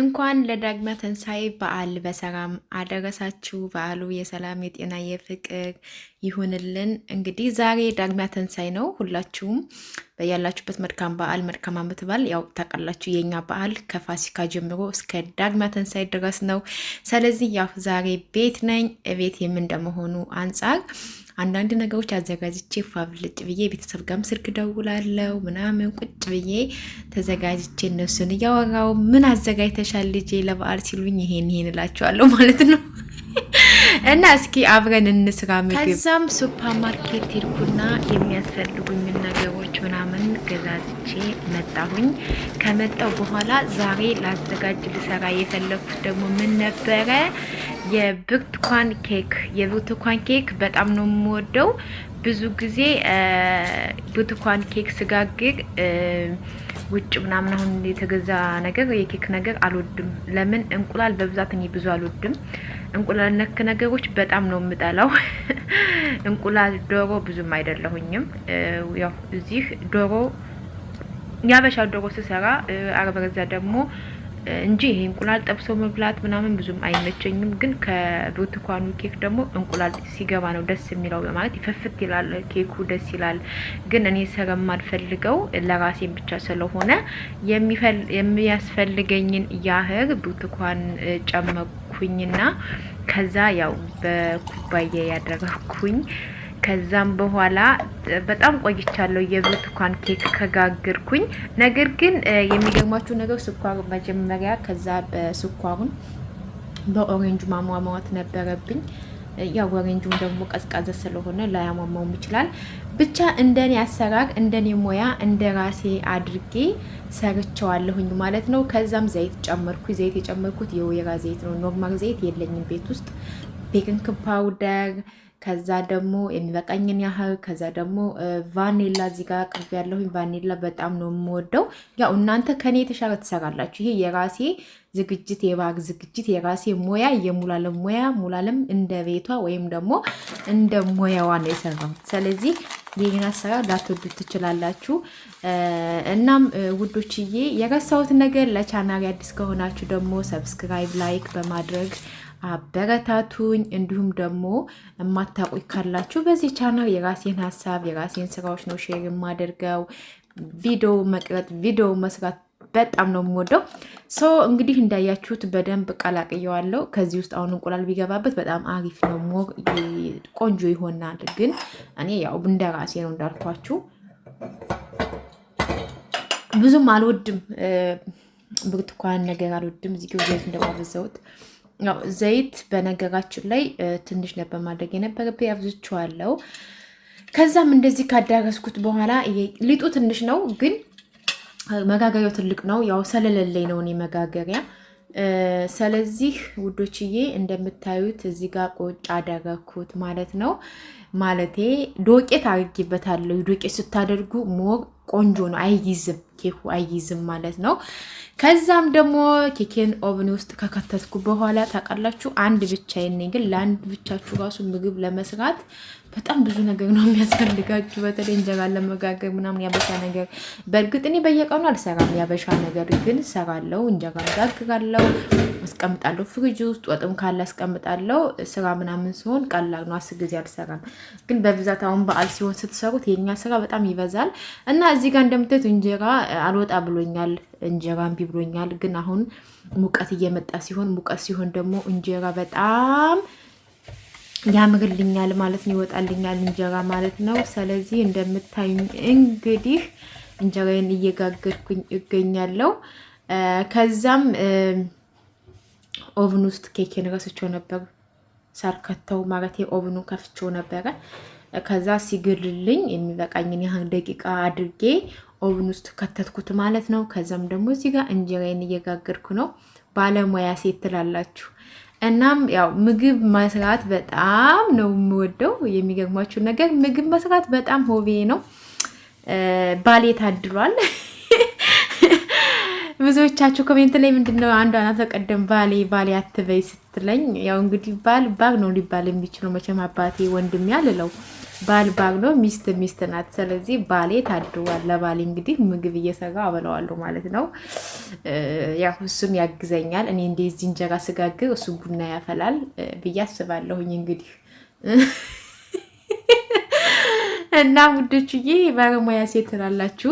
እንኳን ለዳግመ ትንሣኤ በዓል በሰላም አደረሳችሁ። በዓሉ የሰላም የጤና የፍቅር ይሁንልን። እንግዲህ ዛሬ ዳግመ ትንሣኤ ነው። ሁላችሁም በያላችሁበት መልካም በዓል፣ መልካም ዓመት በዓል። ያው ታውቃላችሁ የኛ በዓል ከፋሲካ ጀምሮ እስከ ዳግመ ትንሣኤ ድረስ ነው። ስለዚህ ያው ዛሬ ቤት ነኝ። ቤት የምን እንደመሆኑ አንጻር አንዳንድ ነገሮች አዘጋጅቼ ፋብልጭ ብዬ ቤተሰብ ጋም ስልክ ደውላለው ምናምን ቁጭ ብዬ ተዘጋጅቼ እነሱን እያወራው ምን አዘጋጅተሻል ልጄ ለበዓል ሲሉኝ ይሄን ይሄን እላቸዋለሁ ማለት ነው። እና እስኪ አብረን እንስራ ምግብ። ከዛም ሱፐር ማርኬት ሄድኩና የሚያስፈልጉኝን ነገሮች ምና ገዛዝቼ መጣሁኝ። ከመጣው በኋላ ዛሬ ላዘጋጅ ልሰራ የፈለኩት ደግሞ ምን ነበረ? የብርቱካን ኬክ። የብርቱካን ኬክ በጣም ነው የምወደው። ብዙ ጊዜ ብርቱካን ኬክ ስጋግር ውጭ ምናምን አሁን የተገዛ ነገር የኬክ ነገር አልወድም። ለምን እንቁላል በብዛት እኔ ብዙ አልወድም። እንቁላል ነክ ነገሮች በጣም ነው የምጠላው። እንቁላል፣ ዶሮ ብዙም አይደለሁኝም። ያው እዚህ ዶሮ ያበሻ ዶሮ ስሰራ አለበለዚያ ደግሞ እንጂ ይሄ እንቁላል ጠብሶ መብላት ምናምን ብዙም አይመቸኝም። ግን ከብርቱካኑ ኬክ ደግሞ እንቁላል ሲገባ ነው ደስ የሚለው በማለት ይፈፍት ይላል፣ ኬኩ ደስ ይላል። ግን እኔ ስለማልፈልገው ለራሴን ብቻ ስለሆነ የሚያስፈልገኝን ያህል ብርቱካን ጨመርኩኝና ከዛ ያው በኩባያ ያደረግኩኝ ከዛም በኋላ በጣም ቆይቻለሁ የብርቱካን ኬክ ከጋግርኩኝ። ነገር ግን የሚገርማችሁ ነገር ስኳር መጀመሪያ ከዛ በስኳሩን በኦሬንጁ ማሟሟት ነበረብኝ። ያው ኦሬንጁን ደግሞ ቀዝቃዘ ስለሆነ ላያሟሟውም ይችላል። ብቻ እንደኔ አሰራር እንደኔ ሙያ እንደ ራሴ አድርጌ ሰርቸዋለሁኝ ማለት ነው። ከዛም ዘይት ጨመርኩ። ዘይት የጨመርኩት የወይራ ዘይት ነው። ኖርማል ዘይት የለኝም ቤት ውስጥ ቤኪንግ ፓውደር ከዛ ደግሞ የሚበቃኝን ያህል ከዛ ደግሞ ቫኔላ እዚህ ጋር ቅብ ያለሁኝ ቫኔላ በጣም ነው የምወደው። ያው እናንተ ከኔ የተሻለ ትሰራላችሁ። ይሄ የራሴ ዝግጅት የባግ ዝግጅት የራሴ ሙያ የሙላለም ሙያ ሙላለም እንደ ቤቷ ወይም ደግሞ እንደ ሙያዋ ነው የሰራሁት። ስለዚህ ይህን አሰራር ላትወዱት ትችላላችሁ። እናም ውዶችዬ የረሳሁት ነገር ለቻናሪ አዲስ ከሆናችሁ ደግሞ ሰብስክራይብ፣ ላይክ በማድረግ አበረታቱኝ። እንዲሁም ደግሞ የማታውቁኝ ካላችሁ በዚህ ቻናል የራሴን ሀሳብ የራሴን ስራዎች ነው ሼር የማደርገው። ቪዲዮ መቅረጥ፣ ቪዲዮ መስራት በጣም ነው የምወደው። ሶ እንግዲህ እንዳያችሁት በደንብ ቀላቅየዋለሁ። ከዚህ ውስጥ አሁን እንቁላል ቢገባበት በጣም አሪፍ ነው፣ ሞር ቆንጆ ይሆናል። ግን እኔ ያው እንደ ራሴ ነው እንዳልኳችሁ ብዙም አልወድም፣ ብርቱካን ነገር አልወድም። እዚህ ጊዜ እንደባበዛውት ዘይት በነገራችን ላይ ትንሽ ነበር ማድረግ የነበረብኝ አብዝቼዋለሁ። ከዛም እንደዚህ ካዳረስኩት በኋላ ሊጡ ትንሽ ነው፣ ግን መጋገሪያው ትልቅ ነው። ያው ሰለለለኝ ነው እኔ መጋገሪያ። ስለዚህ ውዶችዬ እንደምታዩት እዚህ ጋር ቆጭ አደረግኩት ማለት ነው። ማለቴ ዶቄት አድርጌበታለሁ። ዶቄት ስታደርጉ ሞር ቆንጆ ነው፣ አይይዝም ኬኩ አይይዝም ማለት ነው። ከዛም ደግሞ ኬኬን ኦቭን ውስጥ ከከተትኩ በኋላ ታውቃላችሁ፣ አንድ ብቻ የኔ ግን ለአንድ ብቻችሁ ራሱ ምግብ ለመስራት በጣም ብዙ ነገር ነው የሚያስፈልጋችሁ። በተለይ እንጀራ ለመጋገር ምናምን ያበሻ ነገር። በእርግጥ እኔ በየቀኑ አልሰራም ያበሻ ነገር፣ ግን ሰራለው፣ እንጀራ መጋግራለው አስቀምጣለሁ። ፍሪጅ ውስጥ ወጥም ካለ አስቀምጣለሁ። ስራ ምናምን ሲሆን ቀላል ነው፣ አስር ጊዜ አልሰራም። ግን በብዛት አሁን በዓል ሲሆን ስትሰሩት የኛ ስራ በጣም ይበዛል እና እዚህ ጋር እንደምታዩት እንጀራ አልወጣ ብሎኛል፣ እንጀራ እምቢ ብሎኛል። ግን አሁን ሙቀት እየመጣ ሲሆን ሙቀት ሲሆን ደግሞ እንጀራ በጣም ያምርልኛል ማለት ነው፣ ይወጣልኛል እንጀራ ማለት ነው። ስለዚህ እንደምታዩኝ እንግዲህ እንጀራዬን እየጋገርኩኝ እገኛለሁ ከዛም ኦቭን ውስጥ ኬክ ነገር ነበር። ሳርከተው ማለት ኦቭኑ ከፍቸው ነበረ። ከዛ ሲግልልኝ የሚበቃኝን ያህል ደቂቃ አድርጌ ኦቭን ውስጥ ከተትኩት ማለት ነው። ከዛም ደግሞ እዚህ ጋር እንጀራዬን እየጋገርኩ ነው። ባለሙያ ሴት ትላላችሁ። እናም ያው ምግብ መስራት በጣም ነው የምወደው። የሚገርማችሁ ነገር ምግብ መስራት በጣም ሆቤ ነው። ባሌ ታድሯል። ብዙዎቻችሁ ኮሜንት ላይ ምንድነው አንዷ ናት በቀደም ባሌ ባሌ አትበይ ስትለኝ፣ ያው እንግዲህ ባል ባግ ነው ሊባል የሚችለው መቼም አባቴ ወንድም ያልለው ባል ባግ ነው፣ ሚስት ሚስት ናት። ስለዚህ ባሌ ታድዋል። ለባሌ እንግዲህ ምግብ እየሰጋ አበላዋለሁ ማለት ነው። ያው እሱም ያግዘኛል። እኔ እንደዚህ እንጀራ ስጋግር እሱ ቡና ያፈላል ብዬ አስባለሁኝ እንግዲህ እና ውዶችዬ ባለሙያ ሴት ትላላችሁ።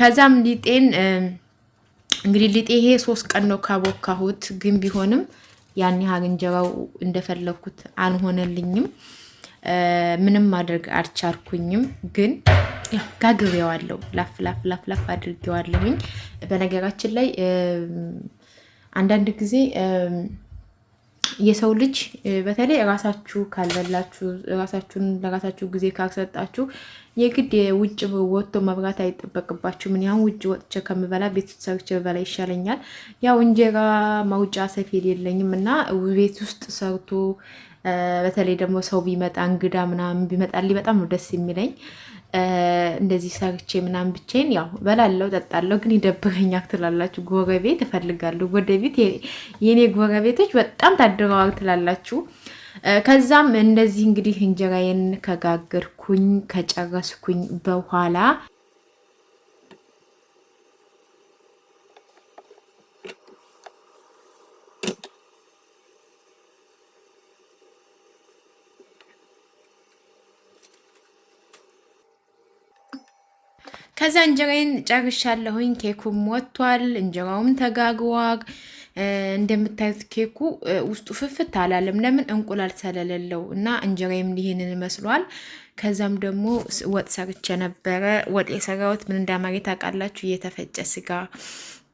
ከዛም ሊጤን እንግዲህ ሊጤ ይሄ ሶስት ቀን ነው ካቦካሁት፣ ግን ቢሆንም ያን ያህል እንጀራው እንደፈለኩት አልሆነልኝም። ምንም ማድረግ አልቻልኩኝም። ግን ጋግሬዋለሁ፣ ላፍ ላፍ ላፍ ላፍ አድርጌዋለሁኝ። በነገራችን ላይ አንዳንድ ጊዜ የሰው ልጅ በተለይ ራሳችሁ ካልበላችሁ ራሳችሁን ለራሳችሁ ጊዜ ካልሰጣችሁ የግድ የውጭ ወጥቶ መብራት አይጠበቅባችሁም። ምን ያሁን ውጭ ወጥቼ ከምበላ ቤት ሰርቼ በላ ይሻለኛል። ያው እንጀራ መውጫ ሰፌድ የለኝም እና ቤት ውስጥ ሰርቶ በተለይ ደግሞ ሰው ቢመጣ እንግዳ ምናምን ቢመጣልኝ በጣም ነው ደስ የሚለኝ። እንደዚህ ሰርቼ ምናምን ብቻዬን ያው በላለው ጠጣለው፣ ግን ይደብረኛ ትላላችሁ። ጎረቤት እፈልጋለሁ። ወደፊት የእኔ ጎረቤቶች በጣም ታድረዋል ትላላችሁ። ከዛም እንደዚህ እንግዲህ እንጀራዬን ከጋገርኩኝ ከጨረስኩኝ በኋላ ከዛ እንጀራዬን ጨርሻለሁኝ። ኬኩም ወጥቷል፣ እንጀራውም ተጋግዋል። እንደምታዩት ኬኩ ውስጡ ፍፍት አላለም። ለምን? እንቁላል ስለሌለው እና እንጀራዬም ይሄንን ይመስሏል። ከዛም ደግሞ ወጥ ሰርቼ ነበረ። ወጥ የሰራሁት ምን እንዳማረ ታውቃላችሁ? እየተፈጨ ስጋ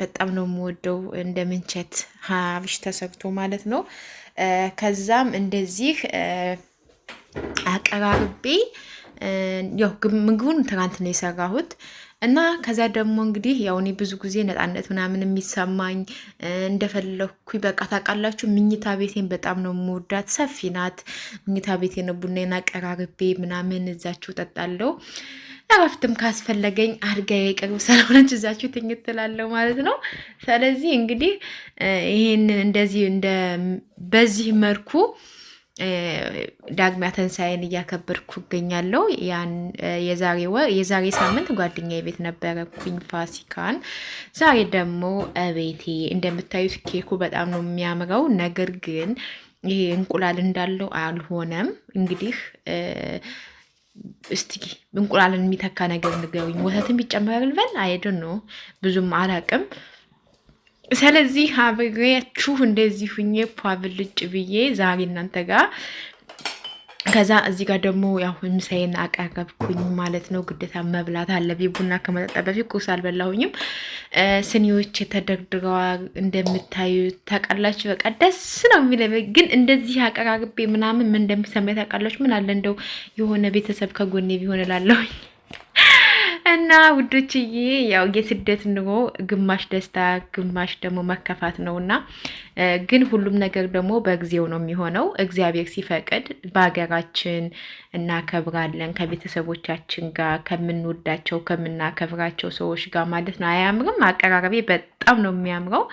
በጣም ነው የምወደው። እንደ ምንቸት ሀብሽ ተሰርቶ ማለት ነው። ከዛም እንደዚህ አቀራርቤ ያው ምግቡን ትናንት ነው የሰራሁት እና ከዛ ደግሞ እንግዲህ ያው እኔ ብዙ ጊዜ ነፃነት ምናምን የሚሰማኝ እንደፈለግኩ በቃ ታውቃላችሁ፣ ምኝታ ቤቴን በጣም ነው የምወዳት። ሰፊ ናት ምኝታ ቤቴ ነው። ቡናዬን አቀራርቤ ምናምን እዛችሁ ጠጣለሁ። እረፍትም ካስፈለገኝ አልጋዬ ቅርብ ስለሆነች እዛችሁ ትኝትላለሁ ማለት ነው። ስለዚህ እንግዲህ ይህን እንደዚህ በዚህ መልኩ ዳግሚያ ትንሣኤን እያከበርኩ እገኛለሁ። የዛሬ ወር የዛሬ ሳምንት ጓደኛዬ ቤት ነበረኩኝ ፋሲካን። ዛሬ ደግሞ እቤቴ እንደምታዩት ኬኩ በጣም ነው የሚያምረው። ነገር ግን ይሄ እንቁላል እንዳለው አልሆነም። እንግዲህ እስቲ እንቁላልን የሚተካ ነገር ንገሩኝ። ወተትን ቢጨምራል በል ነው ብዙም አላቅም። ስለዚህ አብሬያችሁ እንደዚህ ሁኜ ፏብልጭ ብዬ ዛሬ እናንተ ጋር ከዛ እዚህ ጋር ደግሞ ያው ምሳዬን አቀረብኩኝ ማለት ነው። ግዴታ መብላት አለብኝ። ቡና ከመጠጣ በፊት ቁርስ አልበላሁኝም። ስኒዎች ተደርድረዋል እንደምታዩ ታውቃላችሁ። በቃ ደስ ነው የሚለ ግን እንደዚህ አቀራርቤ ምናምን ምን እንደሚሰማ ታውቃላችሁ። ምን አለ እንደው የሆነ ቤተሰብ ከጎኔ ቢሆን እላለሁኝ። እና ውዶችዬ ያው የስደት ኑሮ ግማሽ ደስታ ግማሽ ደግሞ መከፋት ነው እና ግን ሁሉም ነገር ደግሞ በጊዜው ነው የሚሆነው። እግዚአብሔር ሲፈቅድ በሀገራችን እናከብራለን ከቤተሰቦቻችን ጋር ከምንወዳቸው ከምናከብራቸው ሰዎች ጋር ማለት ነው። አያምርም? አቀራረቤ በጣም ነው የሚያምረው።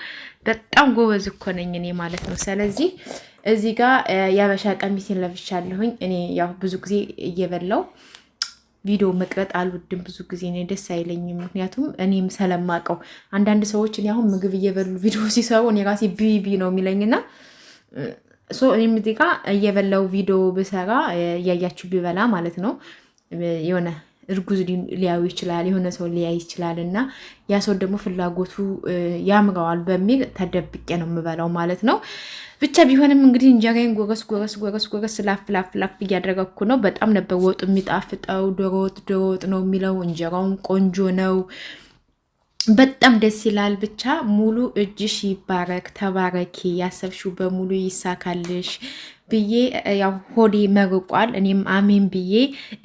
በጣም ጎበዝ እኮ ነኝ እኔ ማለት ነው። ስለዚህ እዚህ ጋር የሀበሻ ቀሚሴን ለብሻለሁኝ። እኔ ያው ብዙ ጊዜ እየበላው ቪዲዮ መቅረጥ አልወድም። ብዙ ጊዜ እኔ ደስ አይለኝም፣ ምክንያቱም እኔም ስለማቀው አንዳንድ ሰዎች እኔ አሁን ምግብ እየበሉ ቪዲዮ ሲሰሩ እኔ ራሴ ቢቢ ነው የሚለኝና እኔም እዚህ ጋ እየበላው ቪዲዮ ብሰራ እያያችሁ ቢበላ ማለት ነው የሆነ እርጉዝ ሊያዩ ይችላል፣ የሆነ ሰው ሊያይ ይችላል። እና ያ ሰው ደግሞ ፍላጎቱ ያምረዋል በሚል ተደብቄ ነው የምበላው ማለት ነው። ብቻ ቢሆንም እንግዲህ እንጀራዬን ጎረስ ጎረስ ጎረስ ጎረስ ላፍ ላፍ ላፍ እያደረግኩ ነው። በጣም ነበር ወጡ የሚጣፍጠው። ዶሮ ወጥ ዶሮ ወጥ ነው የሚለው እንጀራውን ቆንጆ ነው። በጣም ደስ ይላል። ብቻ ሙሉ እጅሽ ይባረክ፣ ተባረኪ፣ ያሰብሽው በሙሉ ይሳካልሽ። ብዬ ያው ሆዴ መግቋል። እኔም አሜን ብዬ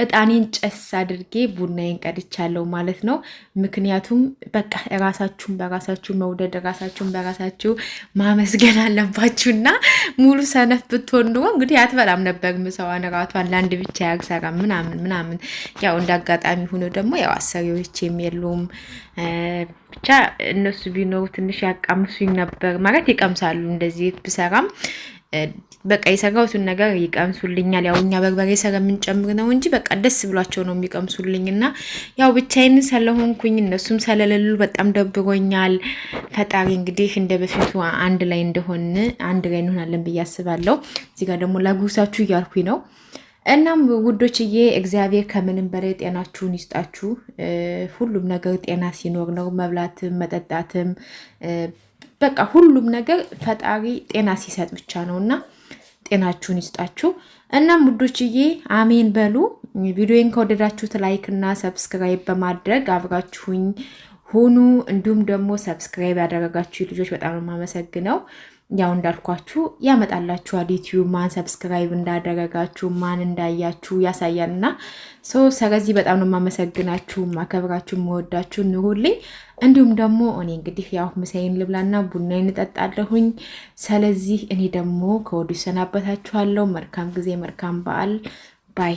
እጣኔን ጨስ አድርጌ ቡናዬን ቀድቻለሁ ማለት ነው። ምክንያቱም በቃ ራሳችሁን በራሳችሁ መውደድ ራሳችሁን በራሳችሁ ማመስገን አለባችሁና ሙሉ ሰነፍ ብትሆን ድሮ እንግዲህ አትበላም ነበር ምሰዋን ራቷን ለአንድ ብቻ ያግሰራ ምናምን ምናምን። ያው እንደ አጋጣሚ ሆኖ ደግሞ ያው አሰሪዎች የሚሉም ብቻ እነሱ ቢኖሩ ትንሽ ያቃምሱኝ ነበር ማለት ይቀምሳሉ እንደዚህ ብሰራም በቃ የሰራሁትን ነገር ይቀምሱልኛል። ያው እኛ በርበሬ የምንጨምር ነው እንጂ በቃ ደስ ብሏቸው ነው የሚቀምሱልኝ። እና ያው ብቻዬን ስለሆንኩኝ እነሱም ስለሌሉ በጣም ደብሮኛል። ፈጣሪ እንግዲህ እንደ በፊቱ አንድ ላይ እንደሆን አንድ ላይ እንሆናለን ብዬ አስባለሁ። እዚህ ጋር ደግሞ ላጉርሳችሁ እያልኩኝ ነው። እናም ውዶችዬ እግዚአብሔር ከምንም በላይ ጤናችሁን ይስጣችሁ። ሁሉም ነገር ጤና ሲኖር ነው መብላትም መጠጣትም በቃ ሁሉም ነገር ፈጣሪ ጤና ሲሰጥ ብቻ ነውና ጤናችሁን ይስጣችሁ። እናም ውዶችዬ አሜን በሉ። ቪዲዮን ከወደዳችሁት ላይክ እና ሰብስክራይብ በማድረግ አብራችሁኝ ሁኑ። እንዲሁም ደግሞ ሰብስክራይብ ያደረጋችሁ ልጆች በጣም የማመሰግነው ያው እንዳልኳችሁ ያመጣላችኋል። ዩቲዩብ ማን ሰብስክራይብ እንዳደረጋችሁ ማን እንዳያችሁ ያሳያል። እና ሰው ስለዚህ በጣም ነው የማመሰግናችሁ፣ ማከብራችሁ፣ መወዳችሁ። ኑሩልኝ። እንዲሁም ደግሞ እኔ እንግዲህ ያው ምሳዬን ልብላና ቡና እንጠጣለሁኝ። ስለዚህ እኔ ደግሞ ከወዲሁ ሰናበታችኋለሁ። መልካም ጊዜ፣ መልካም በዓል ባይ